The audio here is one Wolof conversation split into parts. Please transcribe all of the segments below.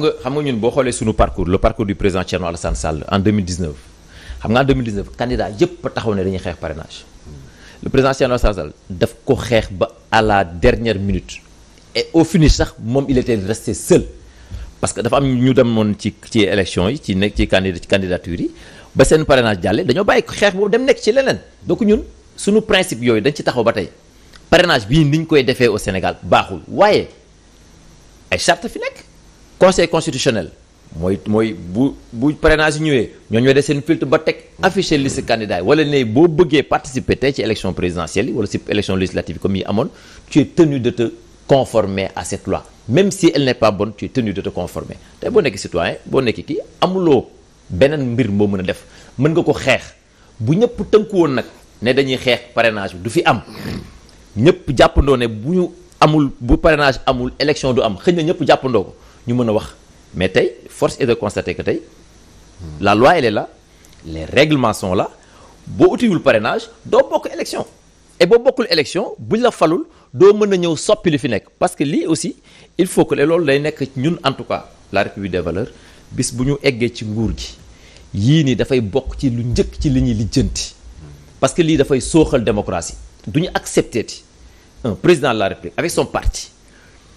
nga xam nga ñun boo xoolee suñu ko xeex ba à la dernière minute et au sax moom il était resté seul que dafa am ñu dem ci ci élection yi ci nekk ci candidat ci candidature yi ba seen parrainage jàlle dañoo bàyyi xeex boobu dem nekk ci leneen donc ñun suñu principe yooyu dañ ci taxaw ba tey parrainage bii niñ koy defee au Sénégal baaxul waaye ay charte fi nekk conseil constitutionnel mooy mooy bu bu parrainage ñëwee ñoo ñoo def seen filtre ba teg affiché liste candidat yi wala ne boo bëggee participer tey ci élection présidentielle yi wala si élection législative comme yi amoon tu es tenu de te conformer à cette loi même si elle n'est pas bonne tu es tenu de te conformer tey boo nekk citoyen boo nekk kii amuloo beneen mbir moo mën a def mën nga ko xeex bu ñëpp tënku woon nag ne dañuy xeex parrainage du fi am ñëpp jàppandoo ne bu ñu amul bu parrainage amul élection du am xëy na ñëpp jàppandoo ko ñu mën a wax mais tey force est de constater que tey la loi elle est là les règlements sont boo utiwul parrainage doo bokk élection et boo bokkul bu ñu la falul doo mën a ñëw soppi lu fi nekk parce que lii aussi il faut que loolu lay nekk ñun en tout cas la république de valeurs bis bu ñu eggee ci nguur gi yii nii dafay bokk ci lu njëkk ci li ñuy lijjanti parce que lii dafay sooxal démocratie du ñu accepté ti un président de la république avec son parti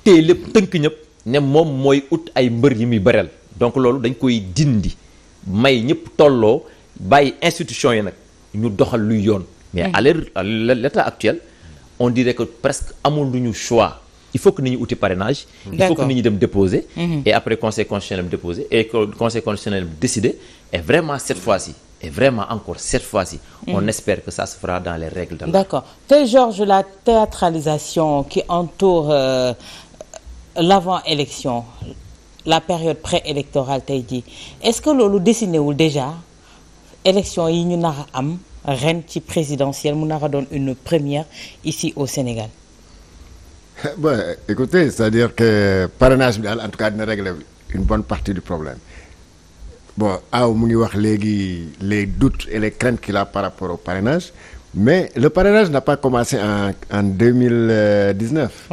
lépp tënk ñëpp. ne moom mooy ut ay mbër yi muy bëreel donc loolu dañ koy dindi may ñëpp tolloo bàyyi institution yi nag ñu doxal lu yoon. mais mm. à l'état actuel on dirait que presque amul lu ñu choix. il faut que nit ñi uti parrainage. il faut que nit ñi dem déposer. Mm-hmm. et après conseil constitutionnel déposer et conseil constitutionnel décider et vraiment cette fois-ci. et vraiment encore cette fois-ci. Mm. on espère que ça se fera dans les règles de D'accord. Fait Georges la théâtralisation qui entoure. Euh, l'avant-élection la période préélectorale tey jii est-ce que loolu dessiné wul déjà élection yi ñu nar a am ren ci présidentielle mu nar a doon une première ici au Sénégal. bon écoutez c'est-à-dire que parrainage bi daal en tout cas dina régler une bonne partie du problème bon aw mu ngi wax léegi les doutes et les craintes qu'il a par rapport au parrainage mais le parrainage n'a pas commencé en en deux mille dix-neuf.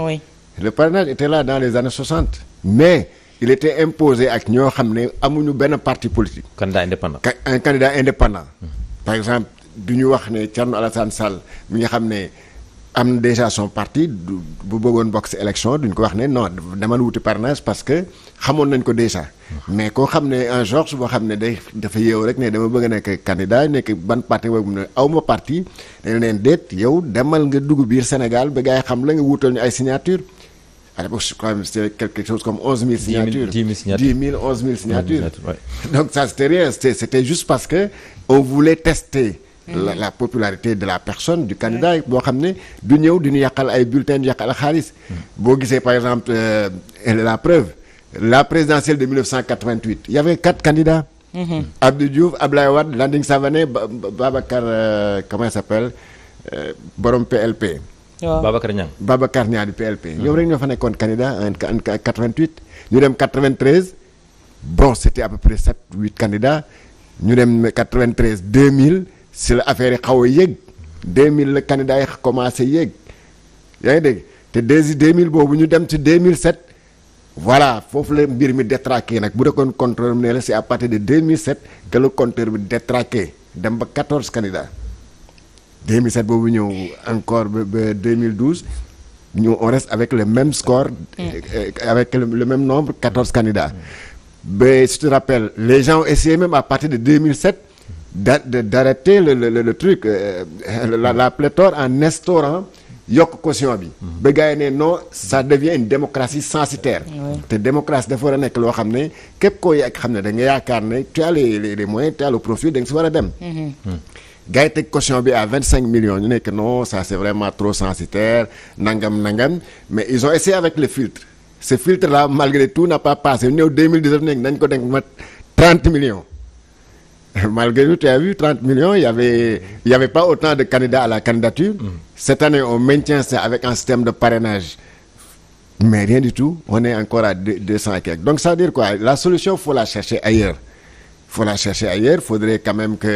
le parrainage était là dans les années 60 mais il était imposé ak ñoo xam ne amuñu benn parti politique. candidat indépendant un candidat indépendant. par exemple du ñu wax ne Thierno Alassane Sall mi nga xam ne am na déjà son parti bu bëggoon bokk si élection duñ ko wax ne non demal wuti parnage parce que xamoon nañ ko déjà. mais koo xam ne un Georges boo xam ne day dafa yeewu rek ne dama bëgg a nekk candidat nekk ban parti boobu ne aw parti dañ leen yow demal nga dugg biir Sénégal ba gars yi xam la nga wutal ñu ay signature à l'époque, quand même, c'était quelque chose comme 11 000 signatures. 10 000, signatures. 10 000 11 000 La, personne du candidat boo xam ne du ñëw du ñu yàqal ay bulletins du yàqal xaalis mm. boo gisee par exemple euh, la la présidentielle de 1988 il y avait quatre candidats mm -hmm. Abdou Diouf Ablaye Wade Landing Savané Babacar euh, comment il s'appelle euh, waaw Babacar Niang. Babacar Niang du PLP. ñoom rek ñoo fa nekkoon candidat en 88 ñu dem 93 bon c' était à peu près 7 8 candidats ñu dem 93 2000 si la affaire yi xaw a yéeg 2000 la candidat yi commencé yéeg yaa ngi dégg te desi 2000 boobu ñu dem ci 2007 voilà foofu la mbir mi détraqué nag bu dekkoon compteur bi ne la c' est à partir de 2007 que le compteur bi détraqué dem ba 14 candidats. 2007 boobu ñëw encore ba 2012 ñu on reste avec le même score. Mm. avec le même nombre 14 candidats. ba si tu te rappelles les gens ont essayé même à partir de 2007 d'arrêter le le le truc euh, euh, la la pléthore en instaurant. yokk caution bi. Mm-hmm. ba gars yi ne non ça devient une démocratie censitaire. te démocratie dafa war a nekk loo xam ne képp koo xam ne da nga yaakaar ne tu as les les moyens tu as le si war a dem. Mm-hmm. Hmm. gars yi teg bi à vingt cinq millions ñu nekk non ça c'est vraiment trop censitaire nangam nangam mais ils ont essayé avec le filtre ce filtre là malgré tout n'a pas passé ñëw deux mille dix neuf nekk nañ ko denk mat trente millions malgré tout tu as millions il y avait il y avait pas autant de candidats à la candidature. Mm. cette année on maintient ça avec un système de parrainage. mais rien du tout on est encore à deux cent et quelques donc ça veut dire quoi la solution faut la chercher ailleurs. faut la chercher ailleurs faudrait quand même que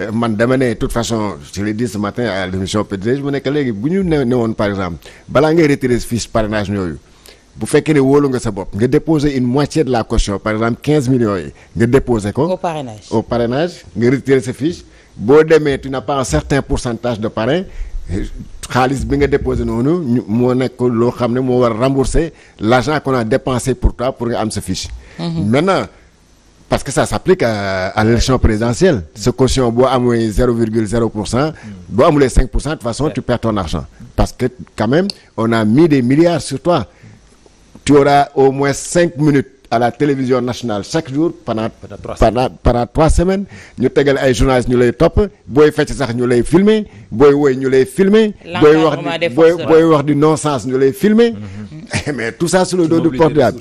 euh, man dama ne toute façon je l'ai dit ce matin à l'émission PDG mu nekk léegi bu ñu ne ne woon par exemple balaa ngay retirer fiche parrainage yooyu bu fekkee ne woolu nga sa bopp nga déposer une moitié de la caution par exemple 15 yi nga déposer ko. au parrainage au parrainage nga retirer sa fiche boo demee tu n'as pas un certain pourcentage de parrain. xaalis bi nga déposé noonu ñu moo nekk loo xam ne moo war a rembourser l'argent qu'on a pour toi pour nga am sa fiche. Mhm. parce que ça s'applique à, à l'élection présidentielle ce caution boo amee zéro virgule zéro pour cent boo amulee cinq pour de façon tu perds ton argent parce que quand on a mis des milliards sur toi tu auras au moins cinq minutes à la télévision nationale chaque jour pendant pendant pendant trois semaines ñu tegal ay journalistes ñu lay topp booy fecc sax ñu lay filmer booy woy ñu lay filmer booy wax booy wax du non sens ñu lay filmer mm-hmm. mais tout ça sur le dos du portable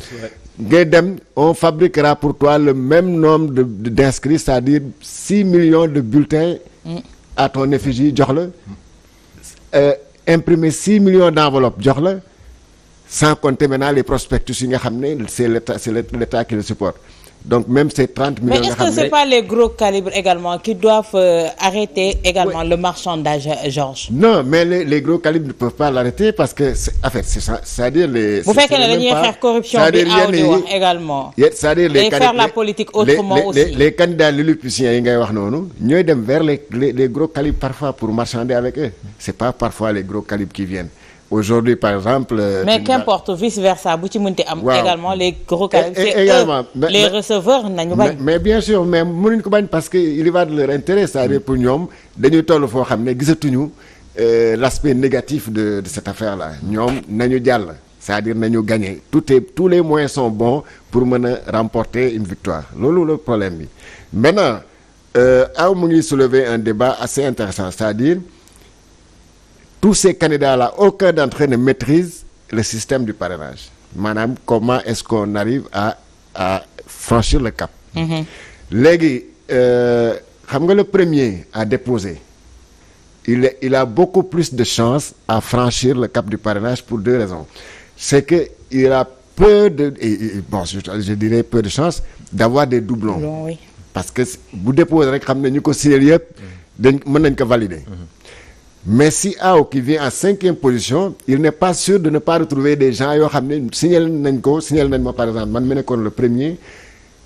ngay dem on fabriquera pour toi le même nom de d'inscrits c'est-à-dire six millions de bulletins mm. à ton effigie jox la euh, imprimer six millions d'enveloppes jox la sans compter maintenant les prospectus yi nga xam ne c'est l'état c'est l'état qui le supporte donc même ces 30 millions mais les gros calibres également qui doivent euh, arrêter également le marchandage euh, Georges non mais les, les gros calibres ne peuvent pas l'arrêter parce que en fait c'est-à-dire les bu fekkee ne dañuy également c'est-à-dire les faire la politique autrement les, aussi les, yi ngay wax noonu ñooy dem vers les les gros calibres parfois pour marchander avec eux c'est pas parfois les gros calibres qui viennent aujourd'hui par exemple. Euh, mais qu'importe vice versa bu ci mënti am. également les gros e-, e-, également les receveurs nañu bañ. mais bien sûr mais mënuñ ko bañ parce que il y va de leur intérêt c'est-à-dire pour ñoom dañuy toll foo xam ne gisatuñu euh, l'aspect négatif de de cette affaire la ñoom nañu jàll. c'est-à-dire nañu gagné tout est tous les moyens sont bons pour mën a remporter une victoire loolu le problème bi maintenant euh, aw mu ngi soulever un débat assez intéressant c'est-à-dire. tous ces candidats-là, aucun d'entre eux ne maîtrise le système du parrainage. maanaam comment est-ce qu'on arrive à franchir le cap. Mm-hmm. léegi euh, xam nga le premier à déposer il est, il a beaucoup plus de chance à franchir le cap du parrainage pour deux raisons c'est que il a peu de et, et, bon je, je peu de chance d'avoir des doublons. parce que bu déposer rek xam ne ñu ko signer yëpp. Mm-hmm. dañ mën valider. Mm-hmm. mais si Ao qui vient en cinquième position il n'est pas sûr de ne pas retrouver des gens yoo xam ne signalé nañ ko signalé nañ par exemple man mi nekkoon le premier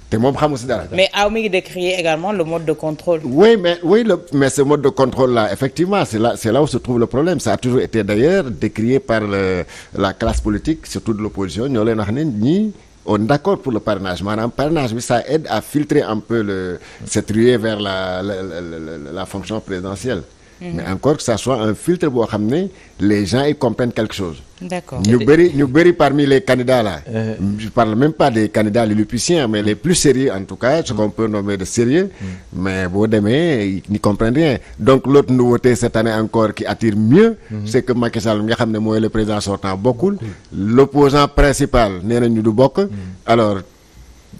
te moom xamu si dara. mais Ao mi ngi également le mode de contrôle. oui mais le mais ce mode de contrôle là effectivement c'est là c'est là où se trouve le problème ça a toujours été d'ailleurs décrié par le, la classe politique surtout de l'opposition ñoo leen wax ni ñii. on est d'accord pour le parrainage maanaam parrainage bi ça aide à filtrer un peu le cette ruée vers la la la la, Mhm. mais encore que ça soit un filtre boo xam ne les gens ils comprennent quelque chose. d'accord ñu bëri ñu bëri parmi les candidats la Euh... je même pas des candidats lilliputiens mais les plus sérieux en tout cas ce qu'on peut nommer de sérieux. Mm. mais boo demee ils n'y comprennent rien donc l'autre nouveauté cette année encore qui attire mieux. Mm. c'est que Macky nga xam ne mooy le président sortant bokkul. l'opposant principal nee nañu du bokk. Mm. alors.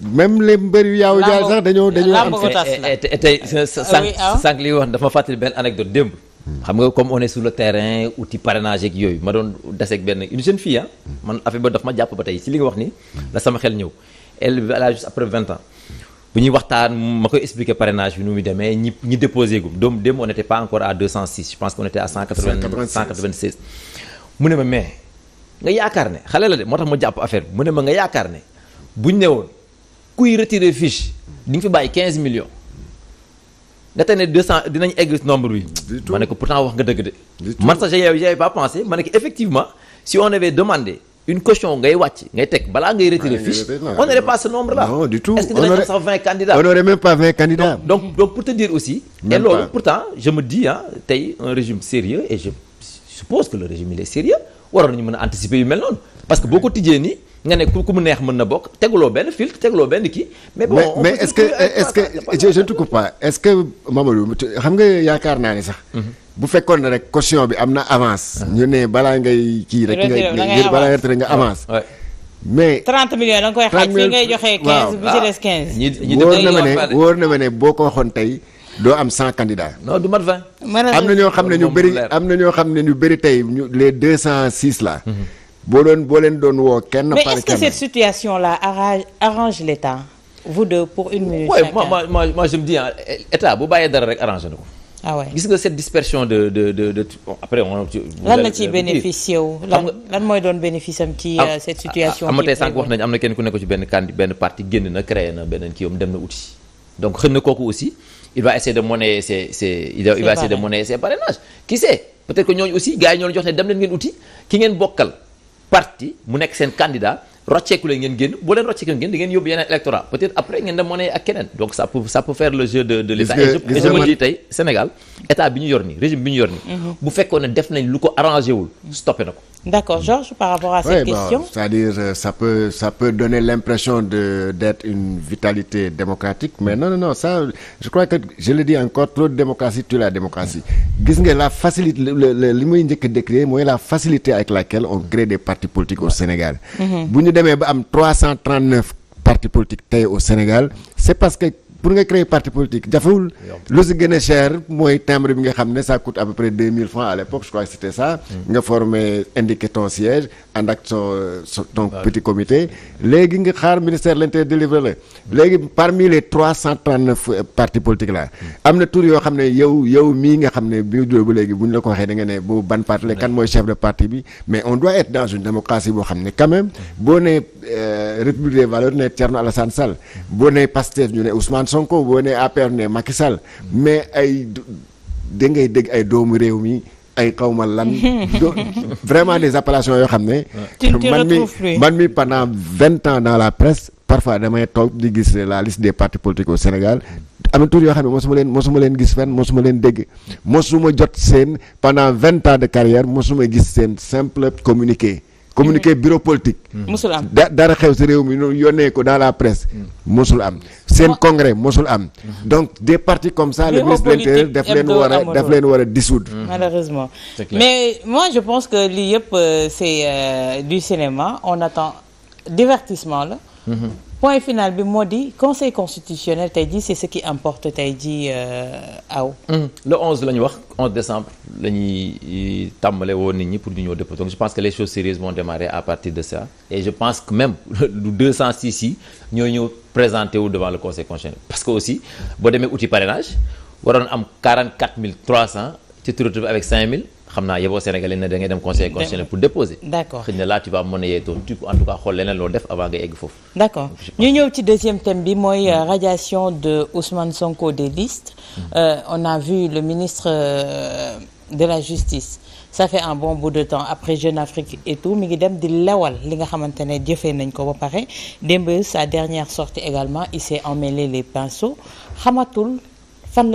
même les mbër yu yaaw jaar sax dañoo dañoo am eh, eh, eh, tey ah ah. sànq sànq benn anecdote démb xam nga comme on le terrain outil parrainage ak yooyu ma doon deseeg benn une jeune fille ah ba daf ma jàpp ba tey ci li wax ni la sama xel ñëw elle a juste après vingt ans bu ñuy waxtaan ma koy expliquer bi nu muy demee ñi ñi déposé gum doom démb on était mu ne ma mais nga yaakaar ne xale la de moo tax ma jàpp affaire bi mu ne ma nga yaakaar ne buñ newoon kuy retirer fiche di nga fi bàyyi 15 nga tey ne 200 dinañ egg nombre bi. ma pourtant wax nga dëgg de. man sax j'ai j'ai pas pensé ma effectivement si on avait demandé une caution ngay wàcc ngay teg balaa ngay retirer ah, fiche on n'aurait pas ce nombre là. est-ce que dinañ sax 20 candidats. donc pour te dire aussi. et loolu pourtant je me dis tey un régime sérieux et je suppose que le régime il est sérieux waroon nañu mën a anticiper nga ne ku mu neex mën na bokk tegaloo benn filtre tegaloo benn kii. mais bon mais, est-ce que est-ce que je je ne te coupe pas est xam nga yaakaar naa ni sax. Mhm. bu fekkoon ne rek caution bi am na avance. Mhm. ñu ne balaa ngay kii rek. nga balaa nga nga avance. mais 30 millions da nga koy xaaj fii ngay joxe 15 ñi ñi wóor na ma ne wóor na ma ne boo ko waxoon tey doo am 100 candidats. non du mat am na ñoo xam ne ñu bëri am na ñoo xam ne ñu bëri tey ñu les 206 la boo doon boo leen doon woo kenn. par kenn mais est-ce que cette situation là arrange arrange l'État vous deux pour bu bàyyee dara rek arrangé na ah gis nga cette dispersion de de de de bon, mooy doon bénéfice am ci euh, cette situation. am tey am na kenn ku nekk ci benn kandi benn parti génn na créé na beneen kii yom dem na uti donc na kooku aussi il de monnayer ses ses. il va essayer qui sait peut-être que ñooñu aussi gars yi ñoo jox ne dem leen ngeen uti ki ngeen bokkal. partie mu nekk seen candidat rocceeku leen ngeen génn boo leen rocceeku ngeen génn di ngeen yóbbu yeneen peut-être après ngeen dem monnaie ak keneen donc ça peut faire le jeu de l'État et bi ñu yor nii régime bi ñu yor nii mhm. bu fekkoon ne def nañ lu ko arrangé wul na ko d'accord Georges par rapport à cette oui, question bon, c'est-à-dire euh, ça peut donner l'impression de d'être une vitalité démocratique mais non non non ça je crois que je le dis encore trop de démocratie la démocratie gis nga la facilité li may njëkk a mooy la facilité avec laquelle on crée des partis politiques au demee ba am 339 partis politiques tey au Sénégal c'est parce que pour nga créer parti politique jafewul lu si gën a cher mooy timbre bi nga xam ne ça coûte à peu près 2000 francs à l'époque je crois que c'était ça mm. nga former indiquer ton siège ànd ak son ton petit comité léegi nga xaar ministère de l'intérieur délivré la léegi parmi les 339 euh, partis politiques là mm. am na tour yoo xam ne yow yow mii nga xam ne bi nga juróo ba léegi bu ñu la ko waxee da nga ne boobu ban parti la kan mooy chef de parti bi mais boo xam ne quand même mm. boo ne euh, République des valeurs ne Thierno Alassane Sall boo Sonko boo nee APR ne Macky Sall mais ay da ngay dégg ay doomu réew mi ay xawma lan vraiment des appellations yoo xam ne man mi man mi pendant vingt ans dans la presse parfois damay toog di gis la liste des parti politiques au Sénégal am yoo xam ne mosuma leen suma leen gis fenn suma leen dégg mosuma jot seen pandant vingt ans de carrière mosuma gis seen simple communiqué communiqué mm. bureau politique. mosul mm. am dara xew si réew mi ñu yónnee ko dans la presse. mosul mm. am seen congrès mosul am. Mm-hmm. donc de partis comme ça le ministre de l'intérieur daf leen war a daf leen war a dissoudre. Mm-hmm. malheureusement mais moi je pense que lii yëpp euh, c'est euh, du cinéma on attend divertissement la. point final bi moo di conseil constitutionnel tey jii c'est ce qui importe tey jii euh, aw. le 11 la ñu wax 11 décembre la ñuy euh, tàmbale woon nit ñi pour ñu ñëw dëpp donc je pense que les choses sérieuses vont démarrer à partir de ça et je pense que même du 206 yi ñoo ñëw présenté wu devant le conseil constitutionnel parce que aussi boo demee outil parrainage waroon am 44 300 ci tu te retrouves avec xam naa yeboo Sénégalais ne da ngay dem conseil constitutionnel pour déposer. d'accord xëy na là tu vas monnayer ton truc en tout cas xool leneen loo def avant nga egg foofu. d'accord ñu ñëw ci deuxième thème bi mooy euh, radiation de Ousmane Sonko des listes. Mhm. Euh, on a vu le ministre euh, de la justice. ça fait un bon bout de temps après Jeune Afrique et tout mi ngi dem di lewal li nga xamante ne jëfee nañ ko ba pare démb sa dernière sortie également il s'est emmêlé les pinceaux xamatul fan